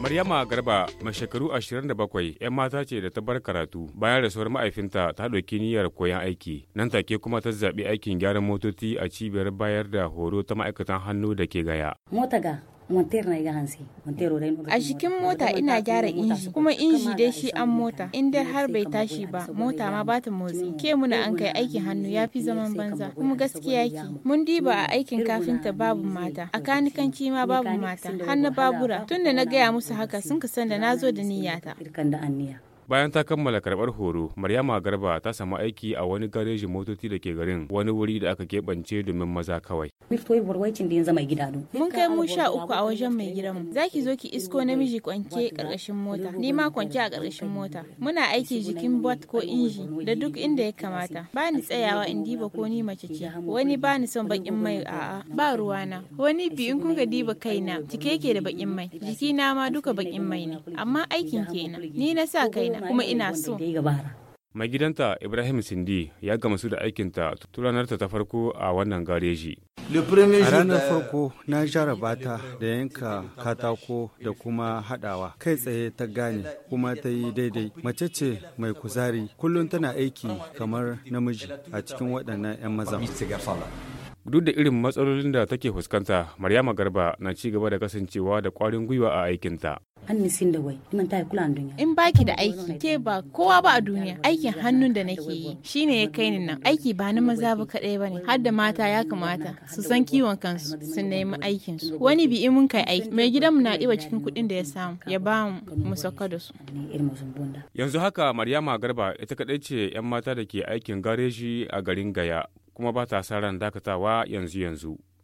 Maryama Garba mai shekaru 27 'yan mata ce da ta bar karatu bayan rasuwar ma'aifinta ta ɗauki niyyar koyon aiki nan take kuma ta zaɓi aikin gyaran motoci a cibiyar bayar da horo ta ma'aikatan hannu da ke gaya. Mota A cikin mota ina gyara inji kuma inji dai shi an mota in dai har bai tashi ba mota ma ba ta motsi ke muna an kai aikin hannu yafi zaman banza kuma gaskiya ki mun diba a aikin kafinta babu mata a kanikanci ma babu mata har na babura tunda na gaya musu haka sun kasan da na zo da niyyata. Bayan ta kammala karɓar horo, Maryama Garba ta samu aiki a wani garejin motoci da ke garin wani wuri da aka keɓance domin maza kawai. Mun kai mu sha uku a wajen mai gidanmu. Za ki zo ki isko namiji kwanke ƙarƙashin mota, ni ma kwanke a ƙarƙashin mota. Muna aiki jikin bot ko inji da duk inda ya kamata. Ba ni tsayawa in diba ko ni mace ce, wani ba ni son bakin mai a'a, ba ruwa na. Wani bi in kun kuka diba kaina, cike yake da bakin mai, jiki na ma duka bakin mai ne, amma aikin kenan. Ni na sa kaina. kuma ina so mai gidanta ibrahim sindi ya su da aikinta turanarta ta farko a wannan gareji a ranar farko na jaraba ta da yanka katako da kuma hadawa kai tsaye ta gane kuma ta yi daidai mace ce mai kuzari kullum tana aiki kamar namiji a cikin waɗannan 'yan maza Duk da irin matsalolin da take fuskanta, Maryama Garba na ci gaba da kasancewa da kwarin gwiwa a aikinta. In baki da aiki, ke ba kowa ba a duniya. Aikin hannun da nake yi shine ya kai ni nan. Aiki ba na maza ba kaɗai ba ne. Har da mata ya kamata su san kiwon kansu, su nemi aikin su. Wani bi in mun kai aiki, mai gidanmu na ɗiba cikin kuɗin da ya samu, ya ba mu mu da su. Yanzu haka Maryama Garba ita kadai ce 'yan mata da ke aikin gareji a garin Gaya kuma ba ta sa ran dakatawa yanzu-yanzu.